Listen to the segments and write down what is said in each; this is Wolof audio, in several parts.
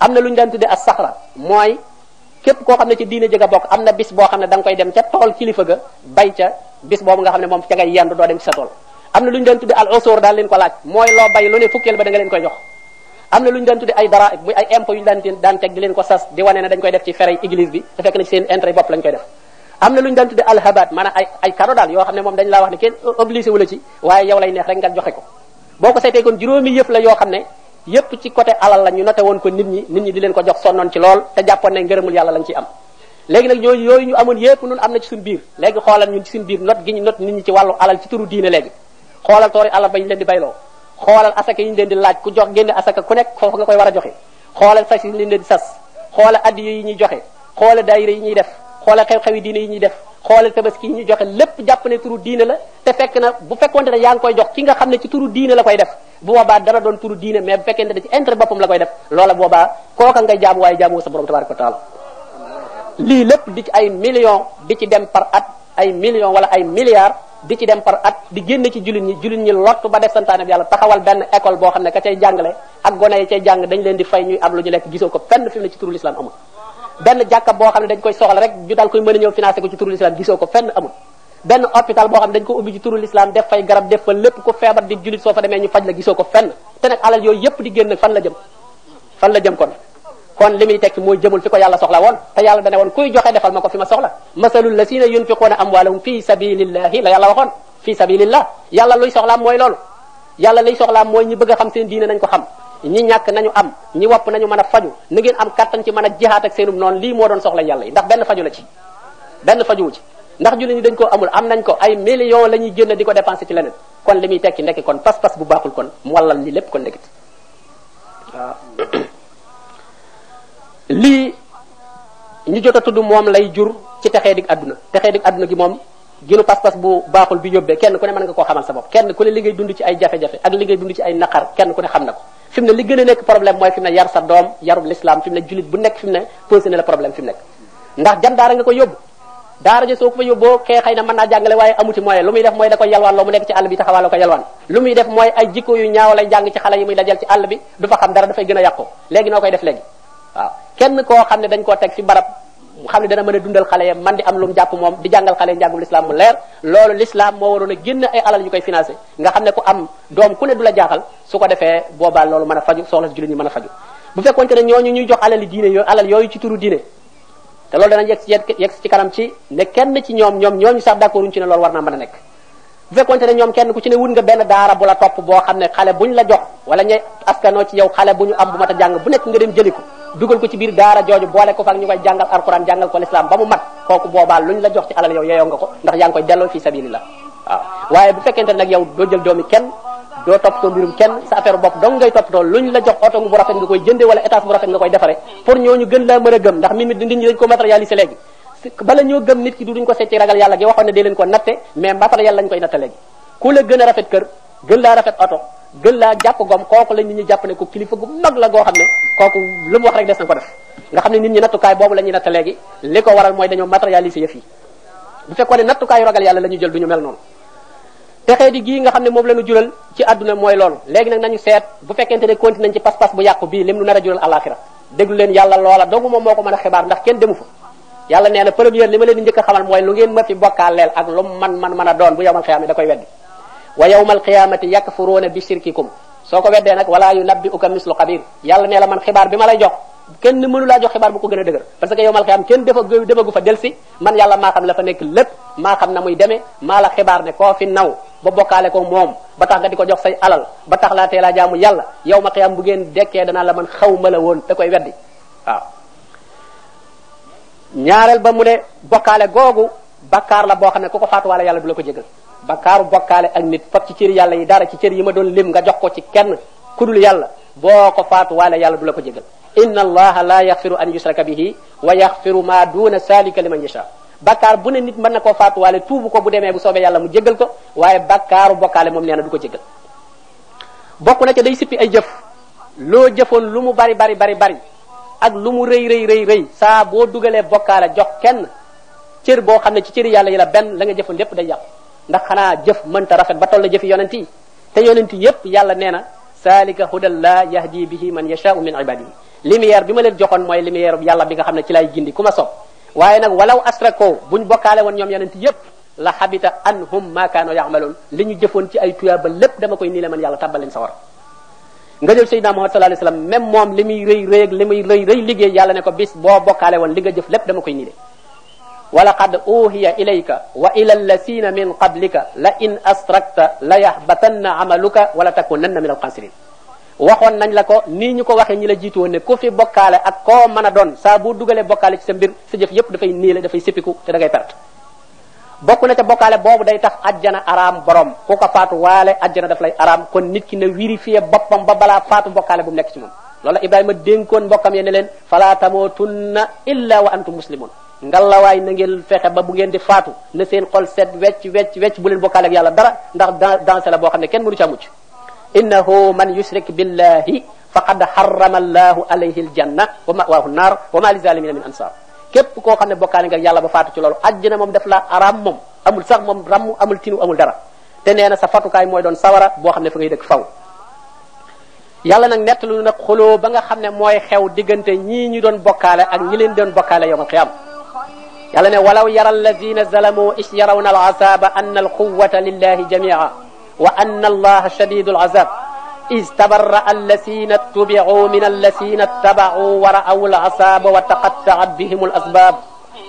am na lu ñu daan tuddee as saxra koo xam ne ci diine jëga bokk am na boo xam ne da nga koy dem ca tool kilifa ga ne moom ca ngay doo dem ci sa tool lu ñu daan al osor daal leen ko laaj mooy loo bay lu ne fukkeel ba da nga leen koy jox am ay dara def ci ferey église bi te fekk na ci seen intérêt bopp am daal yoo xam ne moom dañ laa wax ne kenn obligé wu la ci waaye yow lay neex rek nga joxe ko boo ko seetee kon juróomi yëf la yoo xam ne yépp ci côté alal la ñu noté woon ko nit ñi nit ñi di leen ko jox sonnoon ci lool te jàppoon ne ngërëmul yàlla lañ ciy am léegi nag yooyu yooyu ñu amoon yépp nun am na ci suñu biir léegi xoolal ñun ci suñu biir not gi ñu not nit ñi ci wàllu alal ci turu diine léegi xoolal toori alal ba ñu leen di bayloo xoolal asaka yi ñu leen di laaj ku jox génne asaka ku nekk foofu nga koy war a joxe xoolal sas yi ñu leen di sas xoolal addiya yi ñuy joxe xoolal daayira y ñuy def xoolal xew-xew yi diine yi ñuy def xoolal tabaski ki ñu joxe lépp jàpp ne turu diine la te fekk na bu fekkonte ne yaa ngi koy jox ki nga xam ne ci turu diine la koy def bu boobaa dana doon turu diine mais bu fekkente ne ci intérêt boppam la koy def loola boobaa kooka ngay jaamu waaye jaamu sa borom tabaraka wa taala lii lépp di ci ay millions di ci dem par at ay millions wala ay milliards di ci par at di génn ci jullit ñi jullit ñi ba def santaane bi yàlla taxawal benn école boo xam ne ka cay jàngale ak gone yi cay jàng dañ leen di fay ñuy am lu ñu lekk gisoo ko fenn fi mu ne ci turu l'islam amul benn jàkka boo xam ne dañ koy soxla rek ñu daal koy mën a ñëw financé ko ci turu l'islam gisoo ko fenn amul benn hôpital boo xam ne dañ ko ubbi ci turu l'islam def fay garab def fa lépp ko feebar di jullit soo fa demee ñu faj la gisoo ko fenn te nag alal yooyu yépp di génn fan la jëm fan la jëm kon kon li muy mooy jëmul fi ko yàlla soxla woon te yàlla dane woon kuy joxe defal ma ko fi ma soxla masalul lasina yunfiquuna amwaalahum fi sabilillahi la yàlla waxoon fi sabilillah yàlla luy soxlaam mooy loolu yàlla luy soxlaam mooy ñu bëgg a xam seen diine nañ ko xam ñi ñàkk nañu am ñi wap nañu mën faju nu ngeen am kàttan ci mën a jihaat ak seenum noonu lii moo doon soxla yàlla yi ndax faju la ci benn faju ci ndax julli ñi dañ ko amul am nañ ko ay millions la ñuy génn di ko dépenser ci leneen kon li tekki ndekki kon pas pas bu baaxul kon mu wallal li lépp kon ndekit li lii ñu jot a tudd moom lay jur ci texee dig àdduna texee gi moom ginu pas-pas bu baaxul bi yóbbee kenn ku ne mën nga koo xamal sa bopp kenn ku ne li ngay dund ci ay jafe-jafe ak li ngay dund ci ay naqar kenn ku ne xam fi mu ne li gën a nekk problème mooy fi ne yar sa doom yarub l'islam fi ne jullit bu nekk fi ne posé na la problème fi nekk ndax jan daara nga ko yóbbu daara ja soo ko fa yóbboo kee na mën naa jàngale waaye amuti moyen lu muy def mooy da ko yalwaan loo mu nekk ci àll muy def mooy ay jikko yu ñaaw lay jàng ci xale yi muy dajal ci àll bi du fa xam dara dafay gën a yàqu léegi noo koy def léegi waaw kenn koo xam ne dañ koo teg fi barab xam ne dana mën a dundal xale ya man di am lu mu jàpp moom di jàngal xale njàngum l'islam mu leer loolu l'islam moo waroon a génn ay alal ñu koy financé nga xam ne ku am doom ku ne du la jaaxal su ko defee boobaa loolu mën a faju a faju bu ne ñooñu ñuy jox alali diine yooyu alal yooyu ci turu diine te loolu danañ yegg yegg ci kanam ci ne kenn ci ñoom ñoom ñooñu sax d'accorduñ ci ne lool war naa mën a nekk bu fekkoonte ne ñoom kenn ku ci ne wut nga benn daara bu la topp boo xam ne xale buñ la jox wala ñay askanoo ci yow xale bu ñu am bu mat a bu nekk nga dem jëli ko dugal ko ci biir daara jooju boole ko fa ak ñu koy jàngal alquran jàngal ko lislaam ba mu mat kooku boobaa luñ la jox ci alal yow yeeyoo ko ndax yaa ngi koy delloo fi waaye bu fekkente nag yow doo jël doomi kenn doo toppatoo mbirum kenn sa affaire bopp dong ngay toppatoo luñ la jox oto bu rafet nga koy jënde wala étage bu rafet nga koy defare pour ñooñu gën laa mën a gëm ndax mi nit ñi ko matérialiser léegi bala ñoo gëm nit ki du duñ ko seet ci yàlla gi waxoon ne dee leen ko natte mais koy natte léegi a rafet kër gën laa jàpp goom kooku la nit ñi jàpp ne ko kilifa gu mag la goo xam ne kooku lu mu wax rek des na ko def nga xam ne nit ñi nattukaay boobu la ñuy natt léegi li ko waral mooy dañoo matérialiser yëf yi bu fekkoon ne nattukaayu ragal yàlla jël du ñu mel noonu texee di xam ne moom la ñu jural ci àdduna mooy loolu léegi nag nañu seet bu fekkente ne continué nañ ci pas-pas bu yàqu bii lim lu nar a jural àllaaxira déglu yàlla loola doogu moom moo ko mën a xibaar ndax kenn demu fa yàlla nee na première li ma leen di njëkk a xamal mooy lu ngeen ma fi bokkaaleel ak lu man man mën a koy weddi wa yawmal qiyamati yakfuruna bi shirkikum soo ko weddee nag wala yu nabbi uka mislu xabir yàlla nee la man xibaar bi ma lay jox kenn mënu laa jox xibaar bu ko gën a dëgër parce que yowmal xiyam kenn defa demagu fa delsi man yàlla maa xam la fa nekk lépp maa xam na muy demee maa la xibaar ne koo fi naw ba bokkaale ko moom ba tax nga di ko jox say alal ba tax laa teelaa jaamu yàlla yow ma xiyam bu ngeen dekkee danaa la man xaw ma la woon da koy weddi waaw ñaareel ba mu ne bokkaale googu bakkaar la boo xam ne ku ko faatuwaale yàlla du la ko jégal bakkaaru bokkaale ak nit fab ci cër yàlla yi dara ci cër yi ma doon lim nga jox ko ci kenn kudul yàlla boo ko faatu yàlla du la ko jégal inna allaha la yaxfiru an yusraka bihi wa yaxfiru ma duna salika liman yasha bakkaar bu ne nit mën na koo faatuwaale tuubu ko bu demee bu soobee yàlla mu jégal ko waaye bakkaaru bokkaale moom nee na du ko jégal bokk na ca day sippi ay jëf loo jëfoon lu mu bari bari bari bari ak lu mu rëy rëy rëy rëy saa boo dugalee bokkaale jox kenn cër boo xam ne ci cëri yàlla yi la benn la nga jëfoon lépp day yàqu ndax xanaa jëf mënta rafet ba toll jëfi yonent yi te yonent yépp yàlla nee na salika la yahdi bihi man yashaa'u min ibadihi lumière bi ma leen joxoon mooy lumière yàlla bi nga xam ne ci lay gindi ku ma sob waaye nag walaw asrako buñ bokkaale woon ñoom yonent yépp la habita anhum ma kaanu ya'malun li ñu jëfoon ci ay tuya ba lépp dama koy nii man yàlla tàbbal leen sawar nga jël sayyidina muhammad sallallahu alayhi wasallam même moom li muy rëy rëy ak li muy rëy rëy liggéey yàlla ne ko bis boo bokkaale woon li nga jëf lépp dama koy nii ولقد أوهي إليك وإلى الذين من قبلك لئن أسركت ليحبطن عملك ولتكونن من القاسرين waxoon nañ la ko nii ñu ko waxee ñi la jiitu woon ne ku fi bokkaale ak koo mën a doon saa boo dugalee bokkaale ci sa mbir sa jëf yépp dafay niile dafay sippiku te da ngay perte bokk na ca bokkaale boobu day tax ajjana araam borom ku ko faatu waale ajjana daf lay araam kon nit ki na vérifier boppam ba balaa faatu bokkaale bu mu nekk ci moom loolu ibrahima dénkoon mbokkam ya ne leen fala tamutunna illa wa antum muslimun ngalaway na ngeen fexe ba bu ngeen di faatu na seen xol set wecc wecc wecc bu leen bokkaale ak yàlla dara ndax dans la bo xamné kenn mënu ci amu ci innahu man yushrik billahi faqad harrama allahu alayhi aljanna wa ma'wahu an nar wa ma lizalimin min ansar kep ko xamné ne ak yàlla ba faatu ci lolu àjjana mom def la aram mom amul sax mom ram amul tinu amul dara te nee sa fatu kay moy doon sawara bo xamné fa ngay dëkk faw yàlla nak netlu nak xoloo ba nga xamné moy xew digënté ñi ñu doon bokkaale ak ñi leen doon bokkaale yow xiyam yàlla ne ولو يرى الذين ظلموا إش يرون العذاب أن القوة لله جميعا وأن الله شديد العذاب إذ تبرأ الذين اتبعوا من الذين اتبعوا ورأوا العذاب وتقطعت بهم الأسباب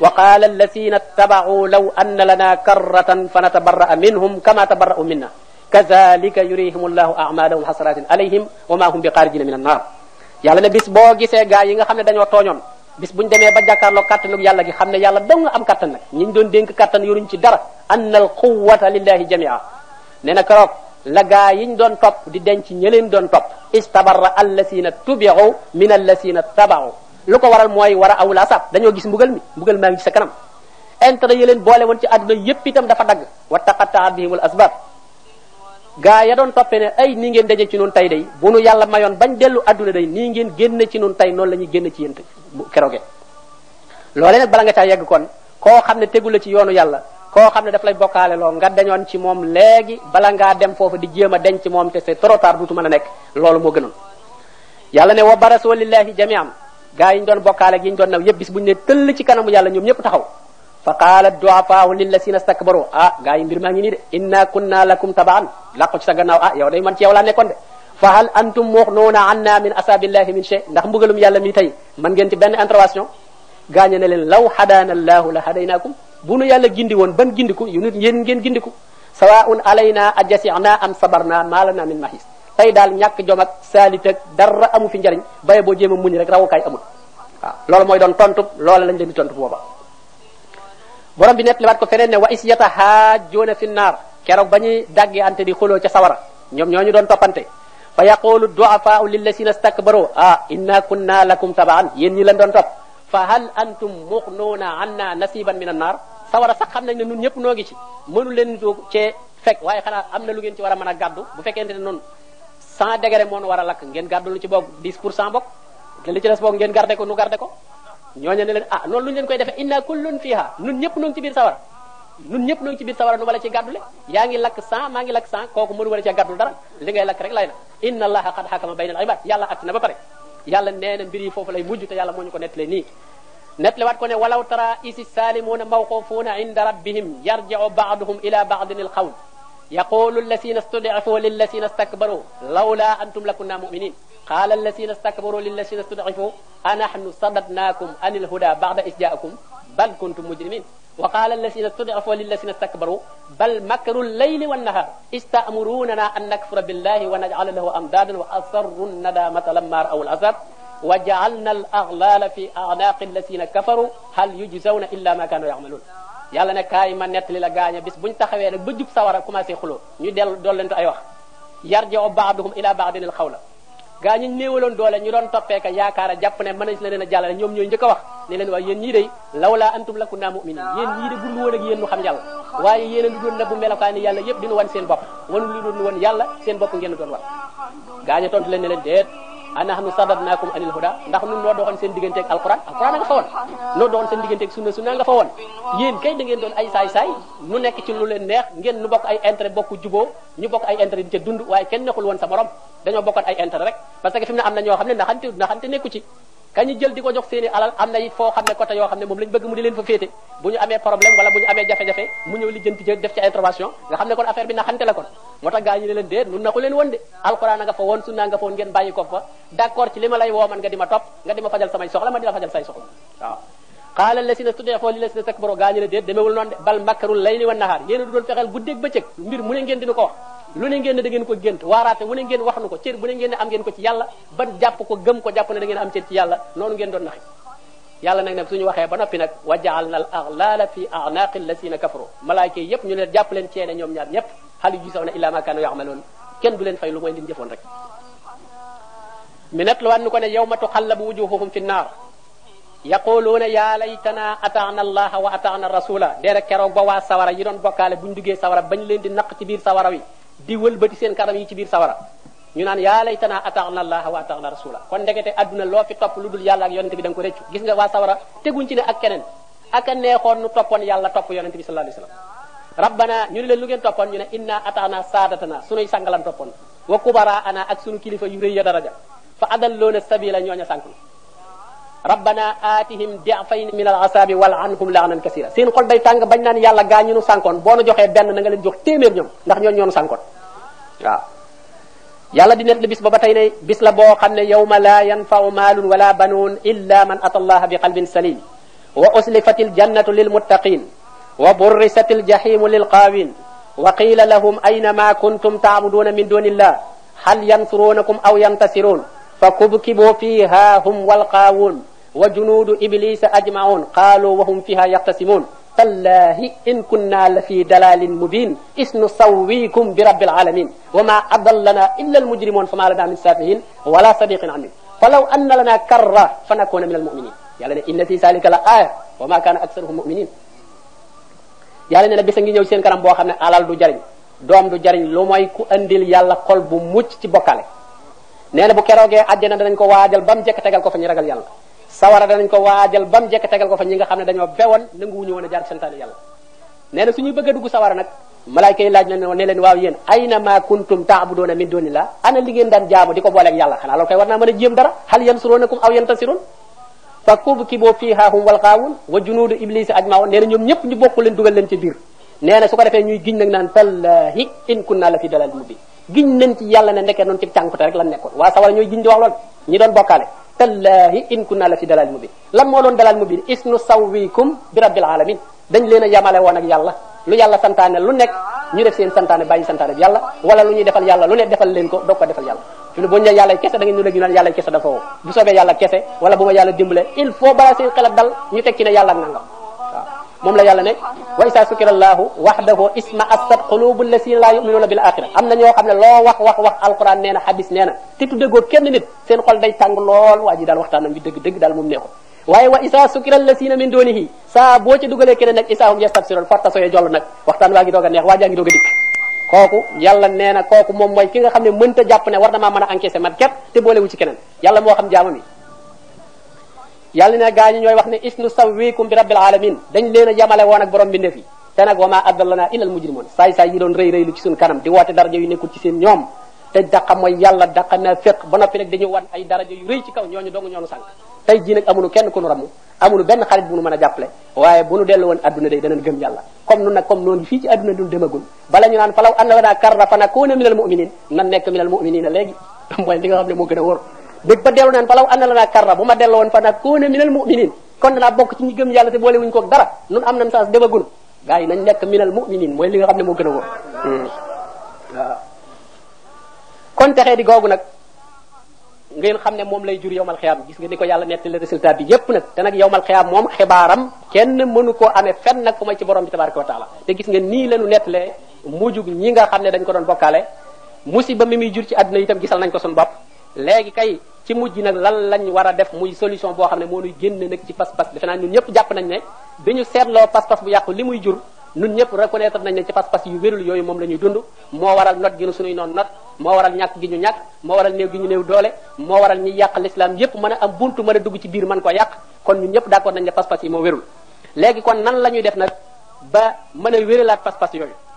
وقال الذين اتبعوا لو أن لنا كرة فنتبرأ منهم كما تبرأوا منا كذلك يريهم الله أعمالهم حسرات عليهم وما هم بخارجين من النار يعلن بس بوغي سيغا ييغا خامن دانيو توغنون bis bu ñu demee ba jàkkaarloo kàttanug yàlla gi xam ne yàlla dong nga am kàttan nag ñi ñu doon dénk kàttan yoruñ ci dara annal quwwata lillahi jamia nee na keroog la gaa yi ñu doon topp di denc ñi leen doon topp istabarra allasina tubiu min allasina tabaau lu ko waral mooy war a awla sab dañoo gis mbugal mi mbugal maa ngi ci sa kanam intérêt yi leen boole woon ci àdduna yépp itam dafa dagg wa bi bihimul asbab gaa ya doon toppee ne ay ni ngeen daje ci noonu tey day bu nu mayoon bañ dellu àdduna day nii génn ci tey noonu la ñuy génn ci yéen tey bu keroogee loolee nag bala nga caa yegg kon koo xam ne tegu la ci yoonu yàlla koo xam ne daf lay bokkaale loo nga deñoon ci moom léegi bala ngaa dem foofu di jéem a ci moom te c'est trop tard duutu a nekk loolu moo gënoon yàlla ne wa barasu lillahi jami'an gaa yi ñu doon bokkaale ak yi ñu doon naw yépp bis bu ñu ne tëll ci kanamu yàlla ñoom ñëpp taxaw fa qaala du'afaa'u lillazina stakbaru ah gaa yi mbir maa ngi nii de inna kunna lakum taba'an làqu ci sa ah, yow day man ci yow laa fa hal antum mughnuuna anna min asabillahi min shay ndax mbugalum yàlla mi tey man ngeen ci benn intervention gaañe ne leen law hadaana allahu la hadaynaakum bu nu yàlla gindi woon ban gindiku yu nit yéen ngeen gindiku sawaun alayna ajasina am sabarna maalana min mahis tey daal ñàkk jom ak saalit ak dara amu fi njariñ baye boo jéem muñ rek rawukaay amul waaw loolu mooy doon tontu loola lañ leen di tontu booba borom bi net liwaat ko feneen ne wa is yatahaajjoona fi naar keroog ba ñuy dàggee ante di xuloo ca sawara ñoom ñoo ñu doon toppante fa yaqulu duafaau lillazina stakbaru ah inna kunna lakum tabaan yéen ñi yen doon topp fa hal antum muqnuuna anna nasiban min annaar sawara sax xam nañ ne ñun ñëpp noo ngi ci mënu leen cee fekk waaye xanaa am na lu ngeen ci war a mën a gàddu bu fekkente ne noonu cent degré moo nu war lakk ngeen gàddu lu ci boog 10 pour cent bokk te li ko nu ko ñooñu ne leen ah lu ñu koy defee inna kullun fiha ñun ñëpp noo ngi ci biir sawara nun ñëpp noo ci biir sawara nu wala ci gàddule yaa ngi lakk cent maa ngi lakk cent kooku mënu war a cee gàddul dara li rek lay na inna allaha qad hakama bayna al ibad yàlla àtt na ba pare yàlla nee na mbir yi foofu lay mujj te yàlla moo ñu ko nettalee nii nettaliwaat ko ne walaw tara isi salimuna mawqufuuna inda rabbihim yarjiu baaduhum ila baadin alqawl يقول الذين استضعفوا للذين استكبروا لولا أنتم لكنا مؤمنين قال الذين استكبروا للذين استضعفوا أنحن صددناكم عن الهدى بعد إذ جاءكم بل كنتم مجرمين وقال الذين استضعفوا للذين استكبروا بل مكروا الليل والنهار استأمروننا أن نكفر بالله ونجعل له أمدادا وأسروا الندامة لما رأوا العذاب وجعلنا الأغلال في أعناق الذين كفروا هل يجزون إلا ما كانوا يعملون yàlla ne kaay ma nettali la gaaña bis buñ taxawee rek ba jub sawara commencé xuloo ñu del dool leen ay wax yarjoo baaduhum ila baadin gaa ñu néewaloon doole ñu doon toppee yaakaar a jàpp ne mën si leen a jàllale ñoom ñooy njëkk a wax ne leen waaye yéen ñii day lawla antum lakunna mu'minin yéen ñii de bul woon ak nu xam yàlla waaye yéen a doon nabbu melokaani yàlla yëpp dinu wan seen bopp wanu li doon wan yàlla seen bopp ngeen doon wan gaa ñu tontu leen ne leen anahnu sadadnakum anil huda ndax nun noo doxoon seen digganteeg alquran alquran a nga fa woon noo doxoon seen digganteeg sunna sunna nga fa woon yéen kay da doon ay saay-saay nu nekk ci lu leen neex ngeen nu bokk ay intérêt bokk juboo ñu bokk ay entre di ca dund waaye kenn nekkul woon sa morom dañoo bokkoon ay intérêt rek parce que fi mu ne am na ñoo xam ne naxante naxante nekku ci kañu jël di ko jox seeni alal am na it foo xam ne côté yoo xam ne moom lañ bëgg mu di leen fa féete bu ñu amee problème wala bu ñu amee jafe-jafe mu ñëw lijjanti ca def ci intervention nga xam ne kon affaire bi naxante la kon moo tax gaa leen déet nun na woon de alxuraan nga fa woon sunna nga fa woon ngeen bàyyi fa d'accord ci li lay woo nga di topp nga di fajal samay soxla ma di la fajal say soxla قال الذين استضعفوا للذين استكبروا غاني لا ديت ديمول نون بل مكروا الليل والنهار يين دون فخال غوديك بيتك مير مونين نين دينكو واخ لوني نين دا نين كو غنت وارات مونين نين واخ نكو تير بونين نين ام نين كو سي يالا با جاب كو گم كو جاب نين نين ام تير سي يالا نون نين دون نخي يالا نك نك سوني واخه با نوبي نك وجعلنا الاغلال في اعناق الذين كفروا ملائكه ييب ني لن جاب لين تينا نيوم نيار ييب حال يجيسون الا ما كانوا يعملون كين دولين فاي لو موي دين ديفون رك منات لو ان كو ني يوم تقلب وجوههم في النار yaquluuna yaa laytanaa ataana allaha wa ataana rasula dee rek keroog ba waa sawara yi doon bokkaale bu ñu duggee sawara bañ leen di naq ci biir sawara wi di wëlbati seen kanam yi ci biir sawara ñu naan yaa laytanaa ataana allaha wa ataana rasula kon ndekete adduna loo fi topp lu dul yàlla ak yonente bi da nga ko réccu gis nga waa sawara teguñ ci ne ak keneen aka neexoon nu toppoon yàlla topp yonente bi sallallahu alayhi wasallam rabbana ñu ne leen lu ngeen toppoon ñu ne inna ataana saadatana sunuy sangalan toppoon wa kubara ana ak sunu kilifa yu rëy ya daraja fa adalloona sabila ñooña sànk ربنا آتهم ضعفين من العذاب والعنهم لعنا كثيرا سين خول داي تانغ باج نان يالا غاني نو سانكون بونو جوخي بن نغا لين جوخ تيمير نيوم ناخ نيون نيون سانكون وا يالا دي نيت لبيس بابا تاي ناي بيس لا بو خامني يوم لا ينفع مال ولا بنون الا من اتى الله بقلب سليم واسلفت الجنه للمتقين وبرست الجحيم للقاوين وقيل لهم اين ما كنتم تعبدون من دون الله هل ينصرونكم او ينتصرون فكبكبوا فيها هم والقاوون وجنود إبليس أجمعون قالوا وهم فيها يقتسمون تالله إن كنا لفي دلال مبين إذ صويكم برب العالمين وما أضلنا إلا المجرمون فما لنا من سافهين ولا صديق عميم فلو أن لنا كرة فنكون من المؤمنين يعني إن في ذلك لآية وما كان أكثرهم مؤمنين yàlla ne la bisa ngi ñëw seen kanam boo xam ne alal du jariñ doom du jariñ lu mooy ku andil yàlla xol bu mucc ci bokkale nee na bu keroogee àjjana danañ ko waajal ba jekk tegal ko fa ñu ragal yàlla sawara danañ ko waajal ba mu jekk tegal ko fa ñi nga xam ne dañoo bewoon nanguwuñu woon a jaar santaane yàlla nee na suñuy bëgg a dugg sawara nag malaayka laaj leen waaw yéen ayna ma kuntum taabudoona min dunillah ana li ngeen daan jaamu di ko booleeg yàlla xanaa loolu koy war naa mën a jéem dara hal yansurunakum aw yantasiruun fa ñoom ñëpp ñu bokk dugal leen ci biir nee su ko defee ñuy giñ nag naan tallahi in kunna la fi dalal mubin giñ nañ ci yàlla ne nekkee noonu ci cànkute rek lan nekkoon waa sawara ñooy giñ di wax lool ñi tallaahi in kunna la fi dalal mubin lan moo doon dalal mubin is nu sawwikum bi rabbil alamin dañ leen a yamale woon ak yàlla lu yàlla santaane lu nekk ñu def seen santaane bàyyi santaane bi yàlla wala lu ñuy defal yàlla lu ne defal leen ko doog ko defal yàlla fi ne boo ñu nee yàlla kese da ñu léegi naan yàlla kese dafa woo bu soobee yàlla kese wala bu ma yàlla dimbale il faut balaa seen xelat dal ñu tekki ne yàlla ak nangam moom la yàlla ne wa isa sukira allahu waxdahu isma asat qulubu lasina laa yuminuuna bil axira am na ñoo xam ne loo wax wax wax alquran nee na xadis nee na te tuddegoo kenn seen xol day tàng lool waa ji daal waxtaanam bi dëgg dëgg daal moom neexul waaye wa isa sukira lasina min dunihi saa boo ca dugalee keneen nag isa hum yastabsiroon fartasoye joll nag waxtaan waa ngi doog a neex waa jaa ngi doog a dikk kooku yàlla nee na kooku moom mooy ki nga ne war na maa a encaissé man képp te boolewu ci keneen yàlla moo xam jaamam yi yàlla na gaa ñi ñooy wax ne is nu sawwikum bi rabbil alamin dañ leen a yamale woon ak borom bi ndefi te nag wa ma adallana illa al mujrimun saay saay yi doon rëy rëy ci kaw ñooñu dong ñoonu sànq tey jii amunu kenn ku nu amunu benn xarit bu nu mën a jàppale waaye bu nu dellu woon adduna day danañ gëm yàlla comme nun nag comme noonu fii ci adduna dun demagul bala ñu naan falaw an lanaa karra fa nakuuna minal mu'minin nan nekk minal mu'minina ne moo gën bëgg ba delu naan falaw anal na karra bu ma delloon fa nag kuuna minal mu'minin kon danaa bokk ci ñi gëm yàlla te boole wuñ koog dara nun am nañ chance demagul gars yi nañ nekk minal mu'minin mooy li nga xam ne moo gën a wóor hmm. kon texee di googu nag ngeen xam ne moom lay jur yowmal xiyam gis nga ni ko yàlla nettali résultat bi yépp nag te nag yowmal xiyam moom xibaaram kenn mënu koo amee fenn nag fu may ci borom bi tabaraka wa taala te gis nga nii lanu nettalee mujug ñi nga xam ne dañ ko doon bokkaale musiba mi muy jur ci àdduna itam gisal nañ ko sun bopp léegi kay ci mujj nag lan lañ war a def muy solution boo xam ne moo nuy génne nag ci pas-pas defe naa ñun ñëpp jàpp nañ ne bi ñu seetloo pas-pas bu yàqu li muy jur ñun ñëpp reconnaître nañ ne ci pas-pas yu wérul yooyu moom la ñuy dund moo waral not gi nu suñuy noonu not moo waral ñàkk gi ñu ñàkk moo waral néew gi ñu néew doole moo waral ñuy yàq l'islam yëpp mën a am buntu mën a dugg ci biir man ko yàq kon ñun ñëpp d'accord nañ ne pas-pas yi moo wérul kon nan la ñuy def nag ba mën a wéralaat pas-pas yooyu